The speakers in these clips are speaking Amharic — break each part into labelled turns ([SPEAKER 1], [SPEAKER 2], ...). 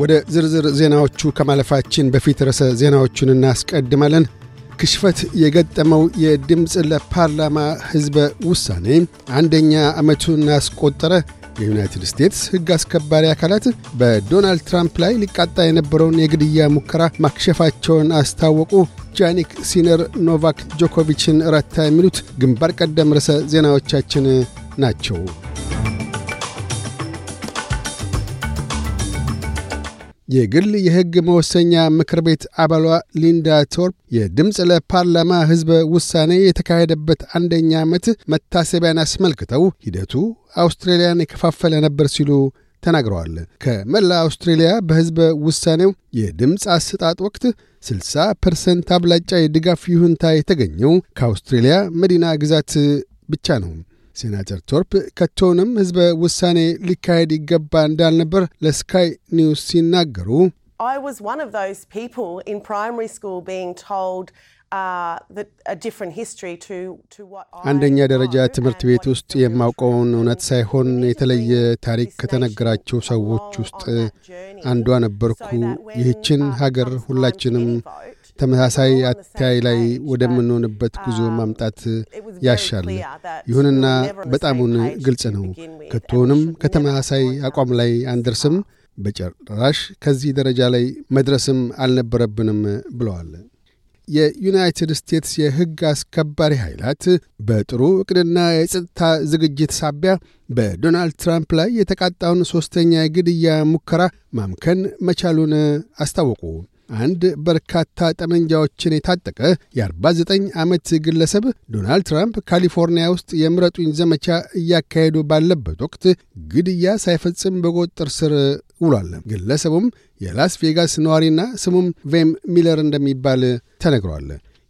[SPEAKER 1] ወደ ዝርዝር ዜናዎቹ ከማለፋችን በፊት ርዕሰ ዜናዎቹን እናስቀድማለን። ክሽፈት የገጠመው የድምፅ ለፓርላማ ሕዝበ ውሳኔ አንደኛ ዓመቱን አስቆጠረ። የዩናይትድ ስቴትስ ሕግ አስከባሪ አካላት በዶናልድ ትራምፕ ላይ ሊቃጣ የነበረውን የግድያ ሙከራ ማክሸፋቸውን አስታወቁ። ጃኒክ ሲነር ኖቫክ ጆኮቪችን ረታ። የሚሉት ግንባር ቀደም ርዕሰ ዜናዎቻችን ናቸው። የግል የሕግ መወሰኛ ምክር ቤት አባሏ ሊንዳ ቶርፕ የድምፅ ለፓርላማ ሕዝበ ውሳኔ የተካሄደበት አንደኛ ዓመት መታሰቢያን አስመልክተው ሂደቱ አውስትራሊያን የከፋፈለ ነበር ሲሉ ተናግረዋል። ከመላ አውስትሬልያ በሕዝበ ውሳኔው የድምፅ አሰጣጥ ወቅት 60 ፐርሰንት አብላጫ የድጋፍ ይሁንታ የተገኘው ከአውስትሬልያ መዲና ግዛት ብቻ ነው። ሴናተር ቶርፕ ከቶውንም ህዝበ ውሳኔ ሊካሄድ ይገባ እንዳልነበር ለስካይ ኒውስ ሲናገሩ አንደኛ ደረጃ ትምህርት ቤት ውስጥ የማውቀውን እውነት ሳይሆን የተለየ ታሪክ ከተነገራቸው ሰዎች ውስጥ አንዷ ነበርኩ። ይህችን uh, ሀገር ሁላችንም ተመሳሳይ አተያይ ላይ ወደምንሆንበት ጉዞ ማምጣት ያሻል። ይሁንና በጣሙን ግልጽ ነው፣ ከቶሆንም ከተመሳሳይ አቋም ላይ አንደርስም፣ በጭራሽ ከዚህ ደረጃ ላይ መድረስም አልነበረብንም ብለዋል። የዩናይትድ ስቴትስ የሕግ አስከባሪ ኃይላት በጥሩ ዕቅድና የጸጥታ ዝግጅት ሳቢያ በዶናልድ ትራምፕ ላይ የተቃጣውን ሦስተኛ የግድያ ሙከራ ማምከን መቻሉን አስታወቁ። አንድ በርካታ ጠመንጃዎችን የታጠቀ የ49 ዓመት ግለሰብ ዶናልድ ትራምፕ ካሊፎርኒያ ውስጥ የምረጡኝ ዘመቻ እያካሄዱ ባለበት ወቅት ግድያ ሳይፈጽም በቁጥጥር ስር ውሏል። ግለሰቡም የላስ ቬጋስ ነዋሪና ስሙም ቬም ሚለር እንደሚባል ተነግሯል።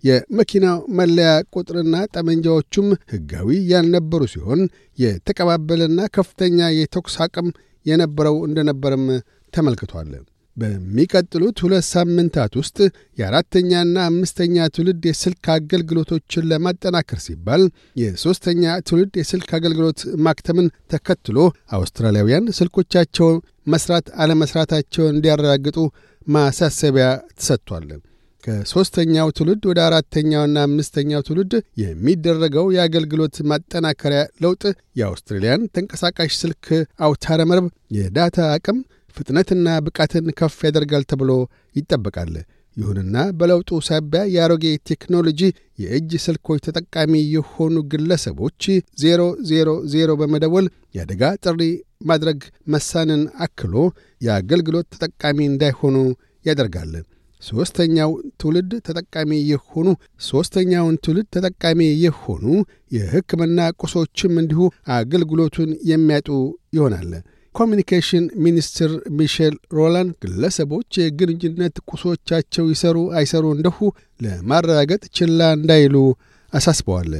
[SPEAKER 1] የመኪናው መለያ ቁጥርና ጠመንጃዎቹም ሕጋዊ ያልነበሩ ሲሆን የተቀባበለና ከፍተኛ የተኩስ አቅም የነበረው እንደነበረም ተመልክቷል። በሚቀጥሉት ሁለት ሳምንታት ውስጥ የአራተኛና አምስተኛ ትውልድ የስልክ አገልግሎቶችን ለማጠናከር ሲባል የሦስተኛ ትውልድ የስልክ አገልግሎት ማክተምን ተከትሎ አውስትራሊያውያን ስልኮቻቸው መስራት አለመስራታቸውን እንዲያረጋግጡ ማሳሰቢያ ተሰጥቷል። ከሦስተኛው ትውልድ ወደ አራተኛውና አምስተኛው ትውልድ የሚደረገው የአገልግሎት ማጠናከሪያ ለውጥ የአውስትሬልያን ተንቀሳቃሽ ስልክ አውታረ መረብ የዳታ አቅም ፍጥነትና ብቃትን ከፍ ያደርጋል ተብሎ ይጠበቃል። ይሁንና በለውጡ ሳቢያ የአሮጌ ቴክኖሎጂ የእጅ ስልኮች ተጠቃሚ የሆኑ ግለሰቦች 000 በመደወል የአደጋ ጥሪ ማድረግ መሳንን አክሎ የአገልግሎት ተጠቃሚ እንዳይሆኑ ያደርጋል። ሦስተኛው ትውልድ ተጠቃሚ የሆኑ ሦስተኛውን ትውልድ ተጠቃሚ የሆኑ የሕክምና ቁሶችም እንዲሁ አገልግሎቱን የሚያጡ ይሆናል። ኮሚኒኬሽን ሚኒስትር ሚሼል ሮላን ግለሰቦች የግንኙነት ቁሶቻቸው ይሰሩ አይሰሩ እንደሁ ለማረጋገጥ ችላ እንዳይሉ አሳስበዋል።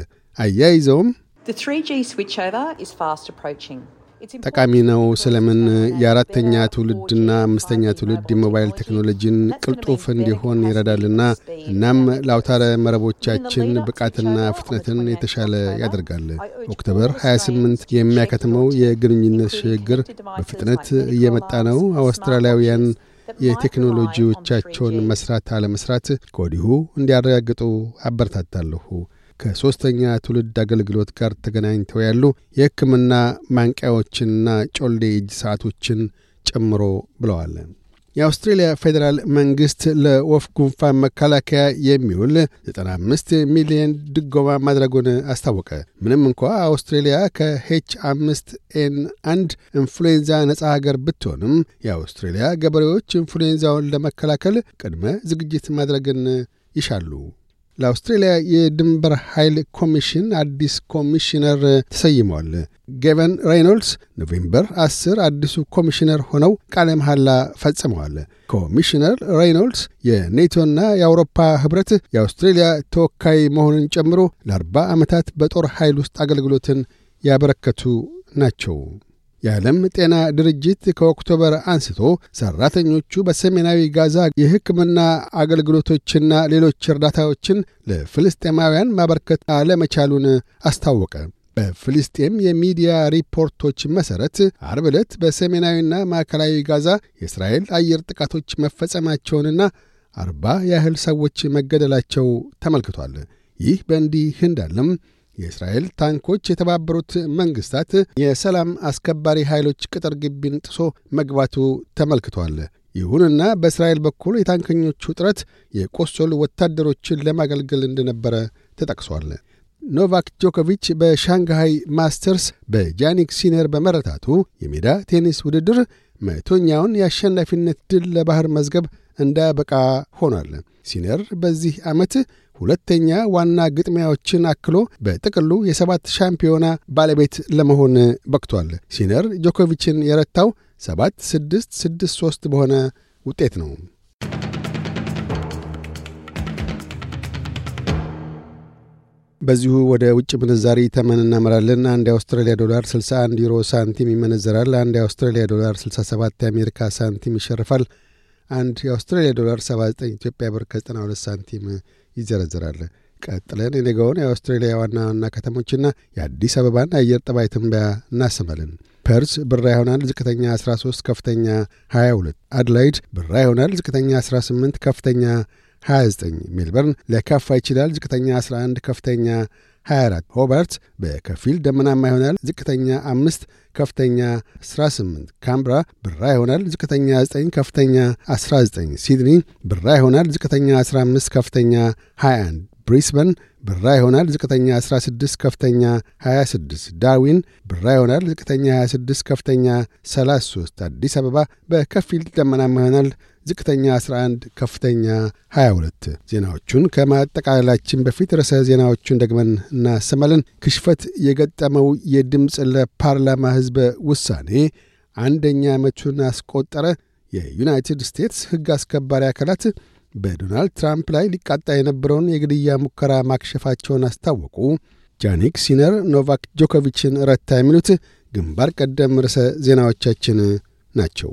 [SPEAKER 1] አያይዘውም The 3G switchover is fast approaching. ጠቃሚ ነው። ስለምን የአራተኛ ትውልድና አምስተኛ ትውልድ የሞባይል ቴክኖሎጂን ቅልጡፍ እንዲሆን ይረዳልና እናም ለአውታረ መረቦቻችን ብቃትና ፍጥነትን የተሻለ ያደርጋል። ኦክቶበር 28 የሚያከትመው የግንኙነት ሽግግር በፍጥነት እየመጣ ነው። አውስትራሊያውያን የቴክኖሎጂዎቻቸውን መስራት አለመስራት ከወዲሁ እንዲያረጋግጡ አበረታታለሁ። ከሦስተኛ ትውልድ አገልግሎት ጋር ተገናኝተው ያሉ የሕክምና ማንቂያዎችንና ጮሌ እጅ ሰዓቶችን ጨምሮ ብለዋል። የአውስትሬልያ ፌዴራል መንግሥት ለወፍ ጉንፋን መከላከያ የሚውል 95 ሚሊዮን ድጎማ ማድረጉን አስታወቀ። ምንም እንኳ አውስትሬልያ ከኤች አምስት ኤን አንድ ኢንፍሉዌንዛ ነፃ ሀገር ብትሆንም የአውስትሬልያ ገበሬዎች ኢንፍሉዌንዛውን ለመከላከል ቅድመ ዝግጅት ማድረግን ይሻሉ። ለአውስትሬልያ የድንበር ኃይል ኮሚሽን አዲስ ኮሚሽነር ተሰይመዋል። ጌቨን ሬይኖልድስ ኖቬምበር 10 አዲሱ ኮሚሽነር ሆነው ቃለ መሐላ ፈጽመዋል። ኮሚሽነር ሬይኖልድስ የኔቶና የአውሮፓ ኅብረት የአውስትሬልያ ተወካይ መሆኑን ጨምሮ ለ ለ40 ዓመታት በጦር ኃይል ውስጥ አገልግሎትን ያበረከቱ ናቸው። የዓለም ጤና ድርጅት ከኦክቶበር አንስቶ ሠራተኞቹ በሰሜናዊ ጋዛ የሕክምና አገልግሎቶችና ሌሎች እርዳታዎችን ለፍልስጤማውያን ማበርከት አለመቻሉን አስታወቀ። በፍልስጤም የሚዲያ ሪፖርቶች መሠረት አርብ ዕለት በሰሜናዊና ማዕከላዊ ጋዛ የእስራኤል አየር ጥቃቶች መፈጸማቸውንና አርባ ያህል ሰዎች መገደላቸው ተመልክቷል። ይህ በእንዲህ እንዳለም የእስራኤል ታንኮች የተባበሩት መንግስታት የሰላም አስከባሪ ኃይሎች ቅጥር ግቢን ጥሶ መግባቱ ተመልክቷል። ይሁንና በእስራኤል በኩል የታንከኞቹ ጥረት የቆሰሉ ወታደሮችን ለማገልገል እንደነበረ ተጠቅሷል። ኖቫክ ጆኮቪች በሻንግሃይ ማስተርስ በጃኒክ ሲነር በመረታቱ የሜዳ ቴኒስ ውድድር መቶኛውን የአሸናፊነት ድል ለባህር መዝገብ እንዳያበቃ ሆኗል። ሲነር በዚህ ዓመት ሁለተኛ ዋና ግጥሚያዎችን አክሎ በጥቅሉ የሰባት ሻምፒዮና ባለቤት ለመሆን በቅቷል። ሲነር ጆኮቪችን የረታው ሰባት ስድስት ስድስት ሦስት በሆነ ውጤት ነው። በዚሁ ወደ ውጭ ምንዛሪ ተመን እናመራለን። አንድ የአውስትራሊያ ዶላር 61 ዩሮ ሳንቲም ይመነዘራል። አንድ የአውስትራሊያ ዶላር 67 የአሜሪካ ሳንቲም ይሸርፋል። አንድ የአውስትራሊያ ዶላር 79 ኢትዮጵያ ብር ከ92 ሳንቲም ይዘረዝራል። ቀጥለን የነገውን የአውስትሬሊያ ዋና ዋና ከተሞችና የአዲስ አበባን አየር ጠባይ ትንበያ እናሰማለን። ፐርስ ብራ ይሆናል፣ ዝቅተኛ 13፣ ከፍተኛ 22። አድላይድ ብራ ይሆናል፣ ዝቅተኛ 18፣ ከፍተኛ 29። ሜልበርን ሊያካፋ ይችላል፣ ዝቅተኛ 11፣ ከፍተኛ 24 ሆበርት በከፊል ደመናማ ይሆናል። ዝቅተኛ 5 ከፍተኛ 18 ካምብራ ብራ ይሆናል። ዝቅተኛ 9 ከፍተኛ 19 ሲድኒ ብራ ይሆናል። ዝቅተኛ 15 ከፍተኛ 21 ብሪስበን ብራ ይሆናል። ዝቅተኛ 16 ከፍተኛ 26 ዳርዊን ብራ ይሆናል። ዝቅተኛ 26 ከፍተኛ 33 አዲስ አበባ በከፊል ደመናማ ይሆናል። ዝቅተኛ 11፣ ከፍተኛ 22። ዜናዎቹን ከማጠቃለላችን በፊት ርዕሰ ዜናዎቹን ደግመን እናሰማለን። ክሽፈት የገጠመው የድምፅ ለፓርላማ ህዝብ ውሳኔ አንደኛ ዓመቱን አስቆጠረ። የዩናይትድ ስቴትስ ሕግ አስከባሪ አካላት በዶናልድ ትራምፕ ላይ ሊቃጣ የነበረውን የግድያ ሙከራ ማክሸፋቸውን አስታወቁ። ጃኒክ ሲነር ኖቫክ ጆኮቪችን ረታ። የሚሉት ግንባር ቀደም ርዕሰ ዜናዎቻችን ናቸው።